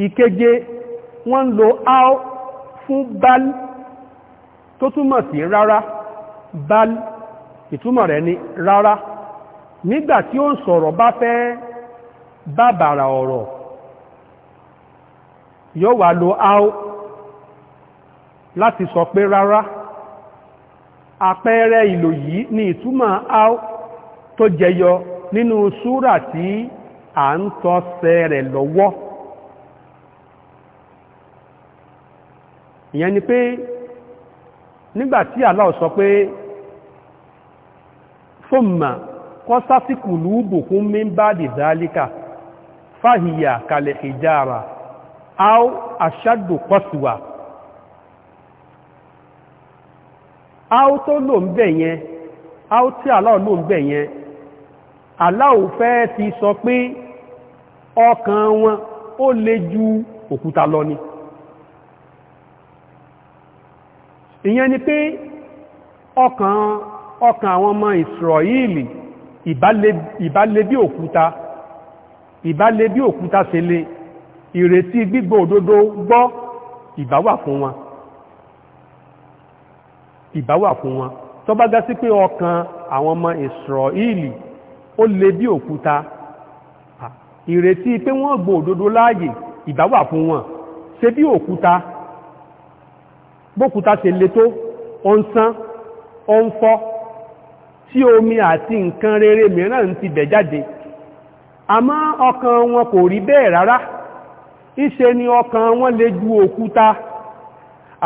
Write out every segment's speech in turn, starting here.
ìkeje wọ́n ń lo ao fún bal tó túmọ̀ sí rárá bal ìtumọ̀ rẹ̀ ni rárá nígbà tí ó ń sọ̀rọ̀ bá fẹ́ bàbàrà ọ̀rọ̀ yóò wà lo ao láti sọ pé rárá àpẹẹrẹ ìlò yìí ni ìtumọ̀ ao tó jẹyọ nínú súrà tí à ń tọ́sẹ̀ rẹ̀ lọ́wọ́ ìyẹn ni pé nígbàtí Allah sọ pé fumma qasati qulubukum min ba'di dhalika fahiya kal hijara aw ashaddu qaswa aw tó lò ń bẹ̀ yẹn aw tí Allah lò ń bẹ̀ yẹn Allah fẹ́ ti sọ pé ọkàn wọn ó le ju òkúta lọ ni. ìyẹn ni pé ọkàn ọkàn àwọn ọmọ ìsìrọ̀yìlì ìbálẹ̀ bí òkúta ìbálẹ̀ bí òkúta ṣe lè ìrètí gbígbọ́ òdodo gbọ́ ìbáwà fún wọn ìbáwà fún wọn tó bá gá sí pé ọkàn àwọn ọmọ ìsìrọ̀yìlì ó le bí òkúta ìrètí pé wọ́n gbọ́ òdodo láàyè ìbáwà fún wọn ṣe bí òkúta bókúta ṣe le tó ó ń sán ó ń fọ́ tí omi àti nǹkan rere mìíràn ti bẹ̀ jáde àmọ́ ọkàn wọn kò rí bẹ́ẹ̀ rárá ìṣe ni ọkàn wọn le ju òkúta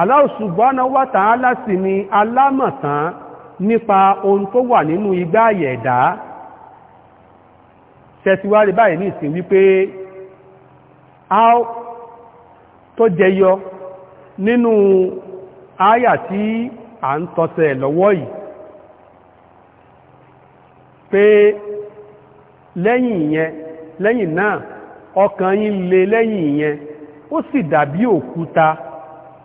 Allah subhanahu wa ni alámọ̀tán nípa ohun tó wà nínú igbá àyẹ̀dá tẹ̀síwárí báyìí ní ìsìn wípé áó tó jẹyọ nínú áyà tí a ń tọ́tẹ̀ lọ́wọ́ yìí pé lẹ́yìn ìyẹn lẹ́yìn náà ọkàn yín le lẹ́yìn ìyẹn ó sì dàbí òkúta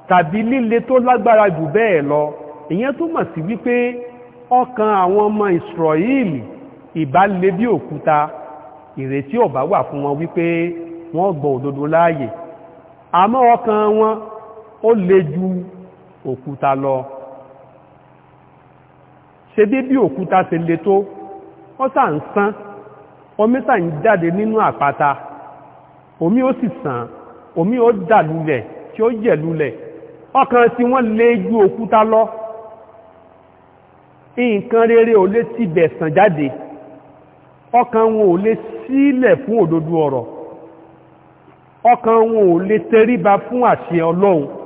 tàbí líle tó lágbára jù bẹ́ẹ̀ lọ ìyẹn tó mọ̀ sí wípé ọkàn àwọn ọmọ Ísírẹ́lì ìbá le bí òkúta ìrètí ọ̀bá wà fún wọn wípé wọ́n gbọ̀ òdodo láàyè àmọ́ ọkàn wọn ó le ju òkúta lọ ṣe dé bí òkúta ṣe le tó wọ́n sà ń sán omi sà ń jáde nínú àpáta omi ó sì sàn omi ó dà lulẹ̀ tí ó yẹ̀ lulẹ̀ ọkàn tí wọ́n lé ju òkúta lọ nǹkan rere ò lè ti bẹ̀ sàn jáde ọkàn wọn ò lè sílẹ̀ fún òdodo ọ̀rọ̀ ọkàn wọn ò lè tẹríba fún àṣẹ ọlọ́run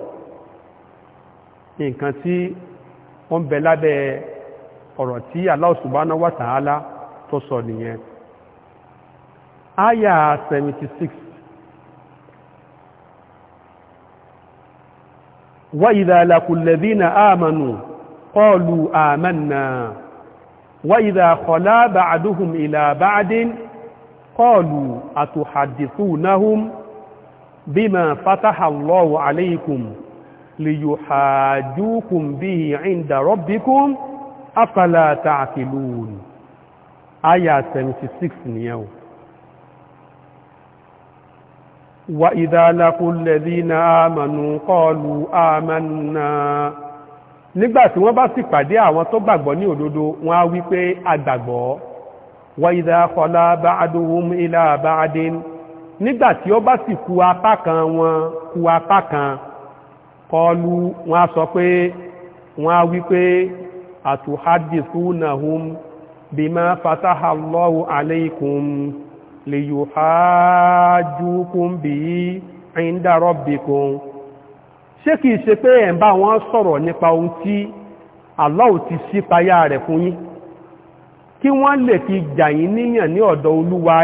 nǹkan tí ó ń bẹ lábẹ́ ọ̀rọ̀ tí Allah subhanahu wa ta'ala tó sọ nìyẹn aya 76 wa idha laqul ladhina amanu qalu amanna wa idha khala ba'duhum ila ba'din qalu atuhaddithunahum bima fataha Allahu alaykum liyuhajjukum bihi inda rabbikum afala ta'qilun aya 76 nìyẹn o wa idha laqul ladhina amanu qalu amanna nígbà tí wọ́n bá sì pàdé àwọn tó gbàgbọ́ ní òdodo wọ́n á wí pé a gbàgbọ́ wa idha khala ba'duhum ila ba'din nígbà tí ó bá sì kù apá kan wọn kù apá kan kọlu wọ́n á sọ pé wọ́n á wí pé àtùhádìsúnàhùn bímá fatahallahu alaykum lè yóò hájúkún bí inda rabbikum ṣé kìí ṣe pé ẹ̀ ń bá wọn sọ̀rọ̀ nípa ohun tí Allah ti ṣí payá rẹ̀ fún yín kí wọ́n lè fi jà níyàn ní ọ̀dọ̀ olúwa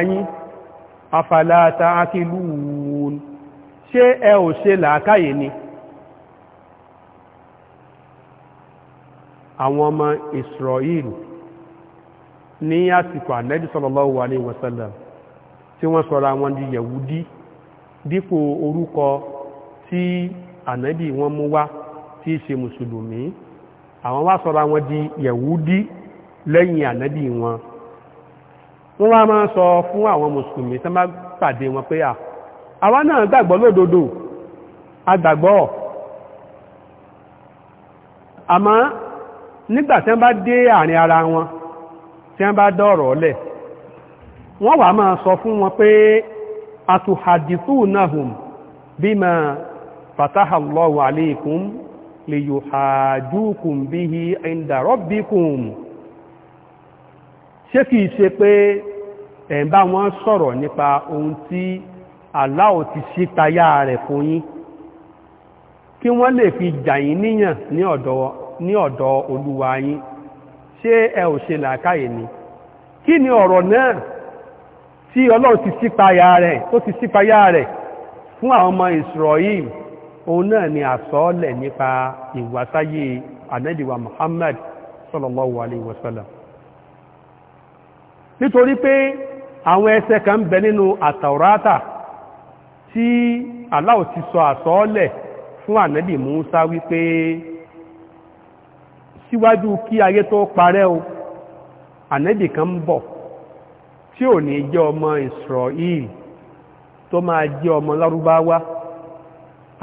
afalata akílùú ṣé ẹ ò ṣe làákàyè ni àwọn ọmọ Israel ní àsìkò ànẹ́bí wà ní wasallam tí wọ́n sọra wọn di yẹ̀wúdí dípò orúkọ tí ànẹ́bí wọn mú wá tí í ṣe musulùmí àwọn wá sọra wọn di yẹ̀wúdí lẹ́yìn wọn wọ́n wá sọ fún àwọn tí wọ́n wọn pé àwa náà gbàgbọ́ lódodo a nígbà tí wọ́n bá dé àárín ara wọn tí wọ́n bá dọ̀rọ̀ ọ̀lẹ̀ wọ́n wà máa sọ fún wọn pé atuhadithunahum bima fataha Allahu alaykum liyuhajukum bihi inda rabbikum ṣé kìí ṣe pé ẹ̀ ń sọ̀rọ̀ nípa ohun tí Allah ti ṣí tayá rẹ̀ fún yín kí wọ́n lè fi jà níyàn ní ọ̀dọ̀ ní ọ̀dọ̀ olúwa yín ẹ ò ṣe làákàyè ni kí ni ọ̀rọ̀ náà tí ọlọ́run ti sípayá rẹ̀ tó ti sípayá rẹ̀ fún àwọn ọmọ Israel òun náà ni àsọ́ọ́lẹ̀ nípa ìwàsáyé anẹ́dìwà Muhammad sallallahu alaihi wasallam nítorí pé àwọn ẹsẹ̀ kan ń bẹ Allah ti sọ àsọ́ọ́lẹ̀ fún ànẹ́dì Musa wípé síwájú kí ayé tó parẹ́ o ànẹ́bì kan ń bọ̀ tí ò ní jẹ́ ọmọ Ísírẹ́lì tó máa jẹ́ ọmọ lárúbáwá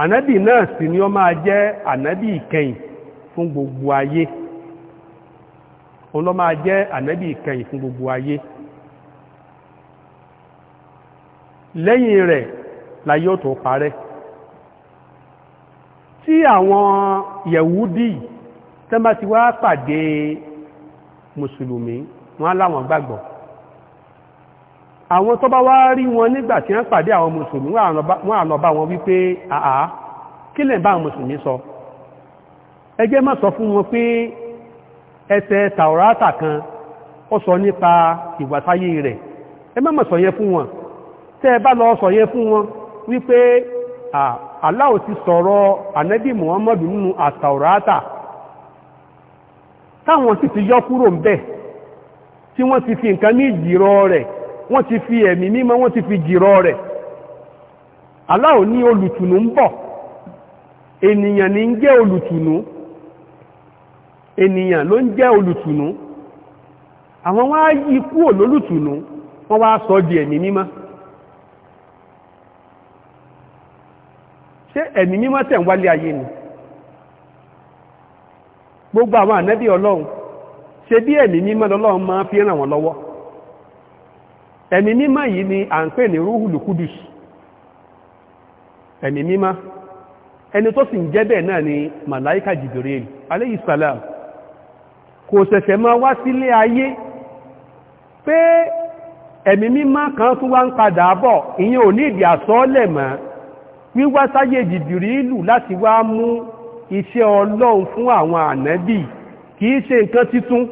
ànẹ́bì náà sì ni ó máa jẹ́ ànẹ́bì ìkẹyìn fún gbogbo ayé lẹ́yìn rẹ̀ láyé ó tó parẹ́ tí àwọn Yẹ̀wúdì yìí tán bá ti wá pàdé mùsùlùmí wọ́n láwọn gbàgbọ́ àwọn tó bá wá rí wọn nígbà tí wọ́n pàdé àwọn mùsùlùmí wọ́n àlọ́ bá wọn wípé àà kí lẹ̀ bá mùsùlùmí sọ ẹgbẹ́ má sọ fún wọn pé ẹsẹ̀ tàwọ́rátà kan ó sọ nípa ìwàsáyé rẹ̀ ẹ má sọ yẹn fún wọn tẹ́ bá lọ sọ yẹn fún wọn wípé Allah ti sọ̀rọ̀ ànábì Muhammadu nínú àtàwọ́rátà táwọn sì ti yọ kúrò ń bẹ̀ tí wọ́n ti fi nǹkan ní ìjìrọ rẹ̀ wọ́n ti fi ẹ̀mí mímọ́ wọ́n ti fi jìrọ rẹ̀ aláò ní olùtùnú ń bọ̀ ènìyàn ní ń jẹ́ olùtùnú ènìyàn ló ń jẹ́ olùtùnú àwọn wá yí kúrò lólùtùnú wọ́n wá sọ di ẹ̀mí mímọ́ ṣé ẹ̀mí mímọ́ tẹ̀ wálé ayé ni gbogbo àwọn ànẹ́bí ọlọ́run ṣe bí ẹ̀mí mímọ́ lọ́lọ́run máa fi ràn wọ́n lọ́wọ́ ẹ̀mí mímọ́ yìí ni à ń pè ní rúhùlù kudus ẹ̀mí mímọ́ ẹni tó sì ń jẹ́ náà ni màláíkà Jibril alayhi kò iṣẹ́ ọlọ́run fún àwọn ànábì kìí ṣe nǹkan títún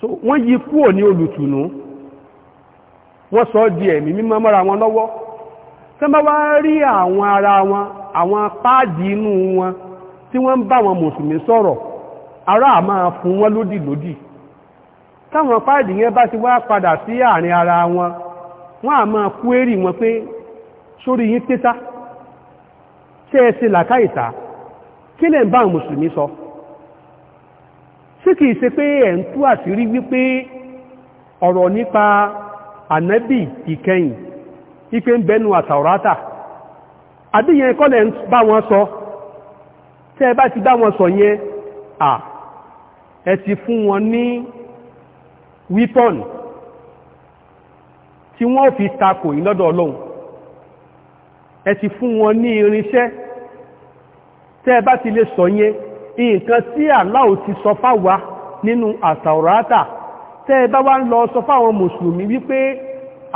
so wọ́n yí kúrò ní olùtùnú wọ́n sọ di ẹ̀mí mímọ́ mọ́ra wọn lọ́wọ́ tán bá wá rí àwọn ara wọn àwọn páàdì inú wọn tí wọ́n ń bá wọn mùsùlùmí sọ̀rọ̀ ara máa fún wọn lódì lódì táwọn páàdì yẹn bá ti wá padà sí àárín ara wọn wọ́n á máa kú èrì wọn pé sórí yín pétá ṣe ẹ ṣe làkáìta kí lẹ́ ń bá àwọn mùsùlùmí sọ sí kìí ṣe pé ẹ̀ ń tú àṣírí wípé ọ̀rọ̀ nípa ànábì ìkẹyìn ipe ń bẹnu àtàwọ̀rátà àbíyẹn kọ́ lẹ́ ń bá wọn sọ tẹ́ ẹ bá ti bá wọn sọ yẹn à ẹ ti fún wọn ní wípọ́n tí wọ́n fi takò ìlọ́dọ̀ ọlọ́run ẹ ti fún wọn ní irinṣẹ́ tẹ́ bá ti lè sọ yẹn nǹkan tí aláò ti sọ fáwa nínú àtàwòrátà tẹ́ bá wá ń lọ sọ fáwọn mùsùlùmí wípé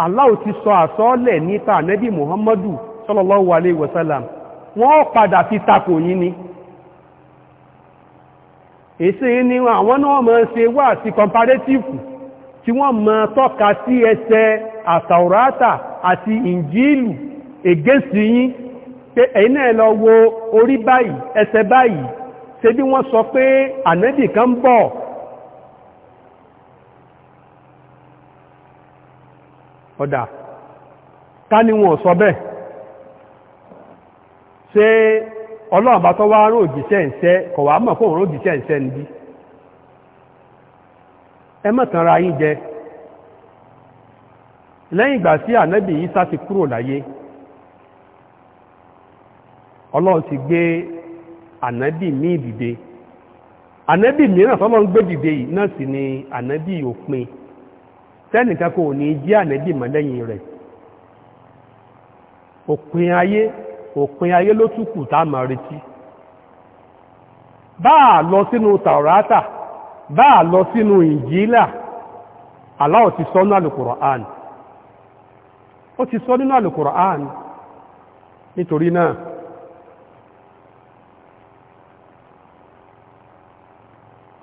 aláò ti sọ àsọ́ọ́lẹ̀ nípa ànẹ́bì muhammadu sallallahu alaihi wasallam wọ́n padà fi takò yín ni èsì ni àwọn náà mọ́ ṣe wà sí kọmparétífù àti ìnjílù against yín pé ẹ̀yin náà lọ wo orí báyìí ẹsẹ̀ báyìí ṣe bí wọ́n sọ pé ànẹ́bì kan ń bọ̀ ọ̀dà ká ní wọn sọ bẹ́ẹ̀ Ṣe ọlọ́run bá wá ìṣẹ́ kọ̀ mọ̀ fóun ìṣẹ́ níbi ẹ jẹ lẹ́yìn ti kúrò láyé ọlọ́run ti gbé ànábì míì dìde ànábì mìíràn gbé yìí náà sì ni ànábì òpin tẹ́nìkan kò ní jẹ́ ànábì mọ́ rẹ̀ òpin ayé òpin ayé ló tún tá a máa retí báà lọ sínú tàwọ́rátà báà lọ sínú ti sọ nínú al nítorí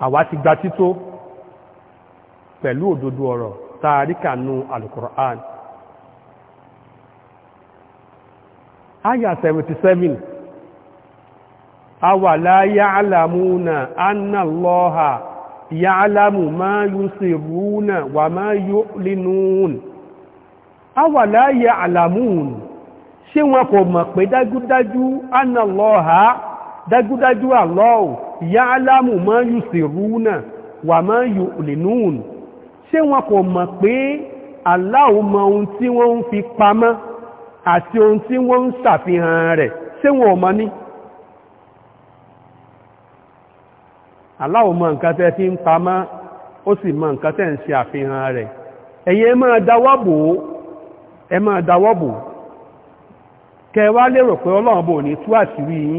àwa ti gba tító pẹ̀lú òdodo ọ̀rọ̀ tààríkà nú alukur'an aya 77 awàlá ya'lamuna anna Allaha ya'lamu ma yusirruna wa ma yu'linun awàlá ya'lamun ṣé wọn kò mọ̀ pé dájúdájú anna dájúdájú àlọ́ọ̀ ìyá alámù máa yù sí rúnà wà máa yù lìnún Ṣe wọn kò mọ̀ pé aláwọ̀ mọ ohun tí wọ́n ń fi pamọ́ àti ohun tí wọ́n ń ṣàfihàn rẹ̀ Ṣe wọn mọ̀ ní aláwọ̀ mọ fi ń ó mọ nǹkan tẹ́ ń ṣe àfihàn rẹ̀ máa ẹ máa kẹwàá lérò pé ní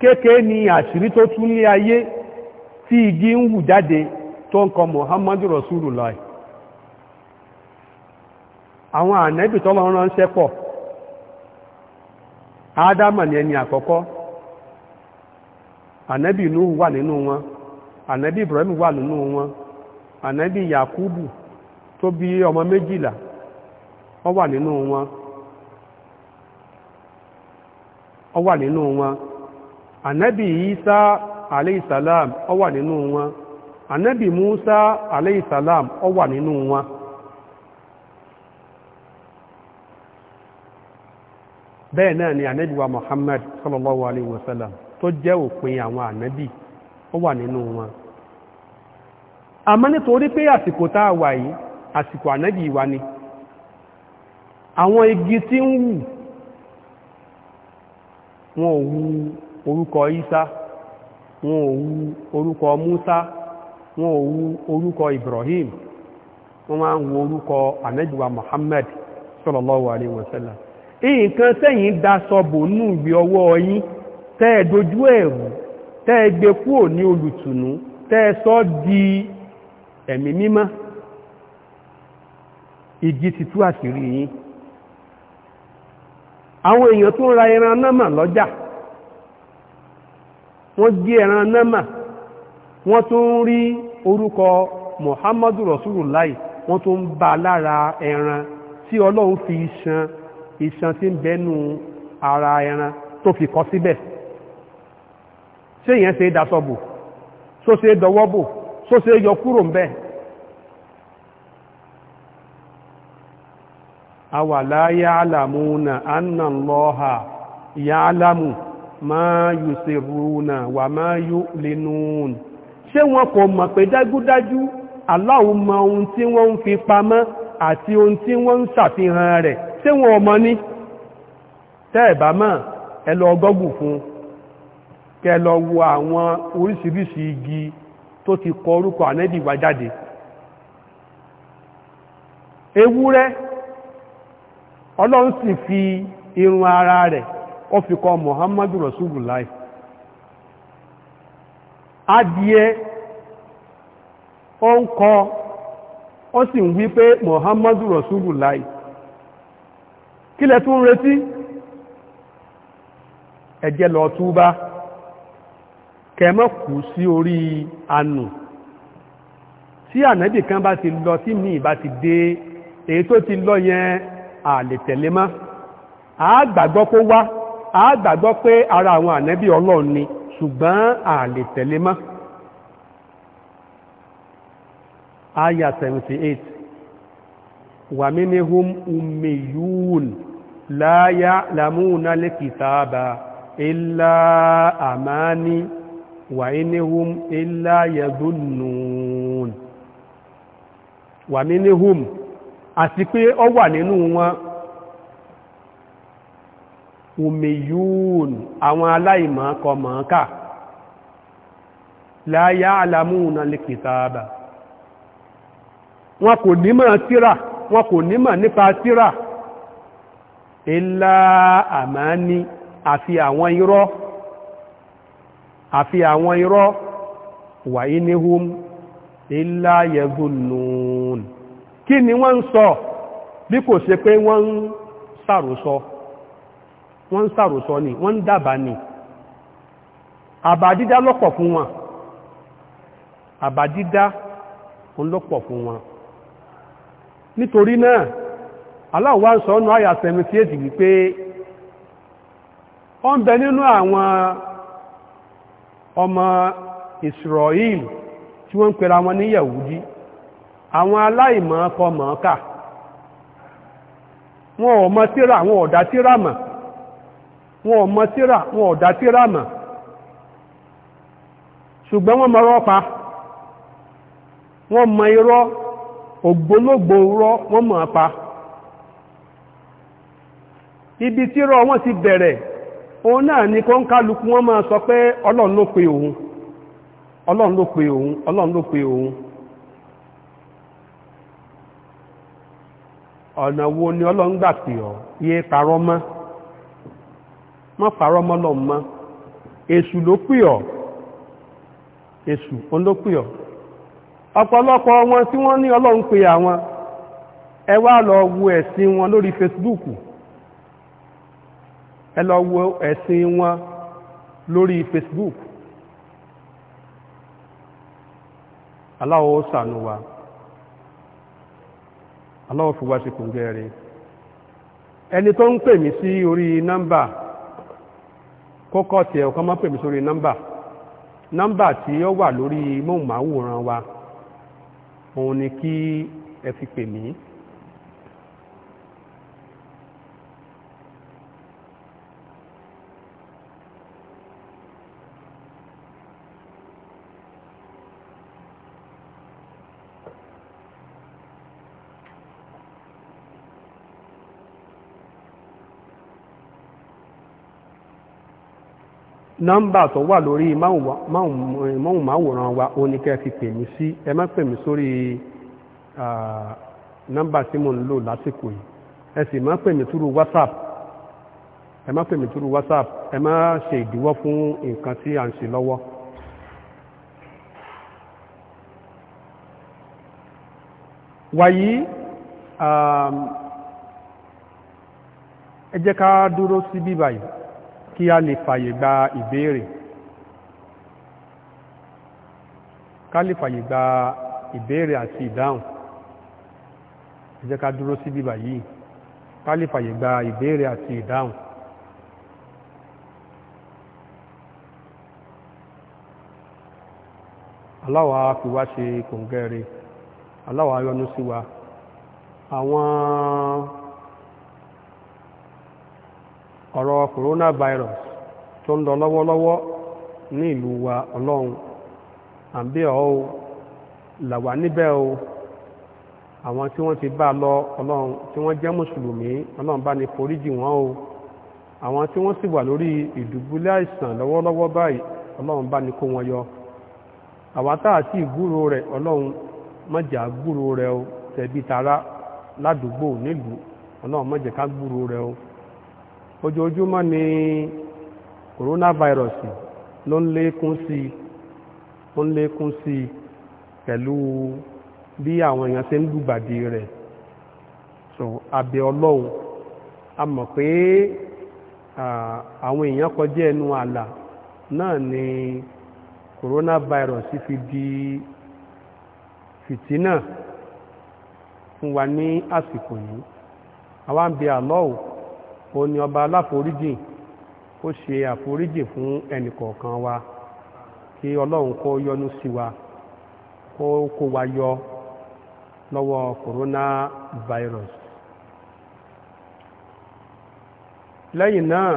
kéèké ni àṣírí tó tún lé ayé tí igi ń hù jáde tó ń kọ Muhammadu Rasulullah àwọn ànẹ́bì tọ́lọ ránṣẹ́ pọ̀ Ádámà ni ẹni àkọ́kọ́ ànẹ́bì Nuhu wà nínú wọn ànẹ́bì Ibrahim wà nínú wọn ànẹ́bì Yakubu tó bí ọmọ méjìlá wọ́n wà nínú wọn anabi Isa aleyhisalam ọ wà nínú wọn anabi Musa aleyhisalam ọ wà nínú wọn bẹ́ẹ̀ náà ni anabi wa Muhammad sallallahu alayhi wa sallam tó jẹ́ òpin àwọn ànábì ọ wà nínú wọn àmọ́ nítorí pé àsìkò tá a wà yìí àsìkò wa ni àwọn igi tí ń wù wọn ò orúkọ isa wọn ò wu orúkọ musa wọn ò wu orúkọ ibrahim wọ́n máa ń wo orúkọ anẹ́jùwà muhammad sallallahu alaihi wasallam nǹkan sẹ́yìn dasọ̀bò nù ìgbé ọwọ́ yín tẹ́ ẹ dojú ẹ̀rù tẹ́ ẹ gbé kúrò ní olùtùnú tẹ́ ẹ sọ di ẹ̀mí mímọ́ ìdí ti tú àṣírí yín àwọn èèyàn tó ń ra ẹran náà mà lọ́jà wọ́n gé ẹran námà wọ́n tún rí orúkọ muhammadu rasulullah wọ́n tún ba lára ẹran tí ọlọ́run fi iṣan iṣan tí ń bẹnu ara ẹran tó fi kọ síbẹ̀ ṣé ìyẹn ṣe é dasọ́bò ṣó ṣe é dọwọ́bò ṣó ṣe é yọ kúrò ń bẹ́ẹ̀ awàlá ya'lamuna anna Allaha ya'lamu ma yusiruna wa ma yu'linun ṣé wọn kò mọ̀ pé dájúdájú Allah mọ ohun tí wọ́n ń fi pamọ́ àti ohun tí wọ́n ń ṣàfihàn rẹ̀ ṣé wọn ò mọ̀ ní tẹ́ẹ̀bá mọ̀ gọ́gùn fún kẹ wo àwọn oríṣiríṣi igi tó ti kọ orúkọ ànẹ́bì ewúrẹ́ ọlọ́run sì fi irun ara rẹ̀ ó fi kọ muhammadu rasulullah adìẹ ó ń kọ ó sì ń wí pé muhammadu rasulullah kí lẹ tún retí ẹ jẹ́ lọ túbá kẹmọ́ kù sí orí anù tí ànábì kan bá ti lọ tí mi ìbá ti dé èyí tó ti lọ yẹn àlètẹ̀lé mọ́ kó wá a gbàgbọ́ pé ara àwọn ànẹ́bí ọlọ́run ni ṣùgbọ́n a lè tẹ̀lé mọ́ aya 78 wà minhum ummiyun la ya'lamuna al-kitaba illa amani wà inhum illa yadhunnun wà minhum àti pé ó wà nínú wọn umiyun àwọn aláìmọ̀ọ́kọ mọ̀ọ́kà láyá alamúnà lè kìtàbà wọn kò nímọ̀ tíra wọn kò nímọ̀ nípa tíra ilá àmáni àfi àwọn irọ́ àfi àwọn irọ́ wà inihum ilá yẹgùnnùn kí ni wọ́n ń sọ bí kò ṣe pé wọ́n ń sàròsọ so. wọ́n ń sàròsọ ni wọ́n ń dàbà ni àbádídá lọ́pọ̀ fún wọn àbádídá lọ́pọ̀ fún wọn nítorí náà Allah wá ń sọ ọ́nà àyà 78 wípé ó ń bẹ nínú àwọn ọmọ Israel tí wọ́n ń pera wọn ní Yahudi àwọn aláìmọ̀ọ́kọ mọ̀ọ́kà wọn ò mọ tíra àwọn ọ̀dá tíra mọ̀ wọn ò mọ tíra wọn ò dá tíra ṣùgbọ́n wọ́n mọ rọ́pa wọ́n mọ irọ́ ògbólógbò rọ́ wọ́n mọ̀ pa ibi tírọ wọ́n ti bẹ̀rẹ̀ òun náà ni kó ń kálukú wọ́n máa sọ pé ọlọ́run ló pe òun ọlọ́run ló pe òun ọlọ́run ló wo ni ọlọ́run gbà ma fara ọmọlọ mma èṣù ló pìọ̀ ọ ló ọ ọ̀pọ̀lọpọ̀ wọn tí wọ́n ní ọlọ́run pè àwọn ẹ lọ wo ẹ̀sìn wọn lórí Facebook ẹ lọ wo ẹ̀sìn wọn lórí Facebook aláwọ̀ ṣàánú wa aláwọ̀ fi wá sí kòǹgẹ́ rẹ̀ ẹni tó ń pè mí sí orí nọ́mbà 0244 kókọ́ tẹ ọ̀kan má pè mí sórí nọ́mbà nọ́mbà tí ó wà lórí móhùnmáwòrán wa òun ni kí ẹ fi pè mí nọ́mbà tó wà lórí máhùnmáwòrán wa ó ní kẹ́ fi pè mí sí ẹ má pè mí sórí nọ́mbà tí mo ń lò lásìkò yìí ẹ sì má pè mí túrú whatsapp ẹ má pè mí túrú whatsapp ẹ má ṣe ìdíwọ́ fún nǹkan tí à ń ṣe lọ́wọ́. wàyí ẹ jẹ́ ká dúró síbí báyìí kí a lè fàyè gba ìbéèrè ká lè fàyè gba ìbéèrè àti ìdáhùn ẹ jẹ́ ká dúró sí bíbà yìí ká lè fàyè gba ìbéèrè àti ìdáhùn Allah á fi wá ṣe kòǹgẹ́rẹ́ Allah á yọ́nú sí wa àwọn ọ̀rọ̀ coronavirus tó ń lọ lọ́wọ́lọ́wọ́ ní ìlú wa ọlọ́run àbí ọ̀ o làwà níbẹ̀ o àwọn tí wọ́n ti bá a lọ ọlọ́run tí wọ́n jẹ́ mùsùlùmí ọlọ́run bá ní foríjì wọ́n o àwọn tí wọ́n sì wà lórí ìdùbúlẹ̀ àìsàn lọ́wọ́lọ́wọ́ báyìí ọlọ́run bá ní kó wọn yọ àwa tá àti ìgbúrò ọlọ́run má jẹ́ àgbúrò o tẹ̀bí tara ládùúgbò nílùú ọlọ́run má jẹ́ ká o ojoojúmọ́ ni coronavirus ló ń lékún sí ó ń lékún sí pẹ̀lú bí àwọn èèyàn ń lùgbàdì rẹ̀ so abẹ ọlọ́run a mọ̀ pé àwọn èèyàn kọjá ẹnu àlà náà ni fi di fìtínà fún wa ní àsìkò yìí àwa ń ó ní ọba aláforíjìn kó ṣe àforíjìn fún ẹnìkọ̀ọ̀kan wa kí ọlọ́run kó yọ́nú sí wa kó kó wa yọ lọ́wọ́ coronavirus. lẹ́yìn náà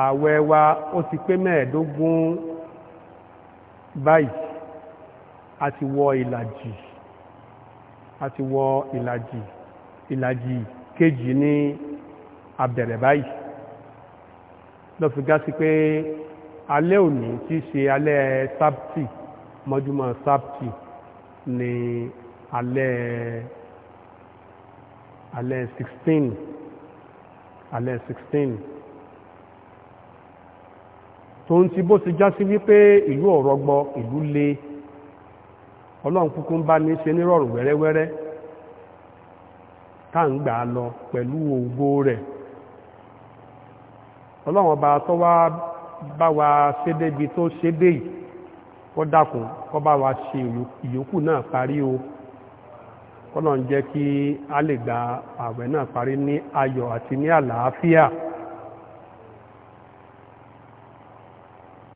ààwẹ̀ wa ó ti pé mẹ́ẹ̀ẹ́dógún báyìí a ti wọ ìlàjì a ti wọ ìlàjì ìlàjì kejì ní abẹ̀rẹ̀ báyìí lọ fi gá sí pé alẹ́ òní tí í ṣe alẹ́ sábtì mọ́júmọ́ sábtì ní alẹ́ alẹ́ 16 alẹ́ 16 tó ń ti bó ti já sí wípé ìlú ọ̀rọ̀gbọ ìlú le ọlọ́run kúkú ń bá ní ṣe nírọ̀rùn wẹ́rẹ́wẹ́rẹ́ táǹgbà lọ pẹ̀lú ògo rẹ̀ ọlọ́run ọba tó wá bá wa ṣe tó ṣe dé yìí kó dákun kó bá wa ṣe ìyókù náà parí o kọ́lọ̀ ń jẹ́ kí a lè gba àwẹ̀ náà parí ní ayọ̀ àti ní àlàáfíà.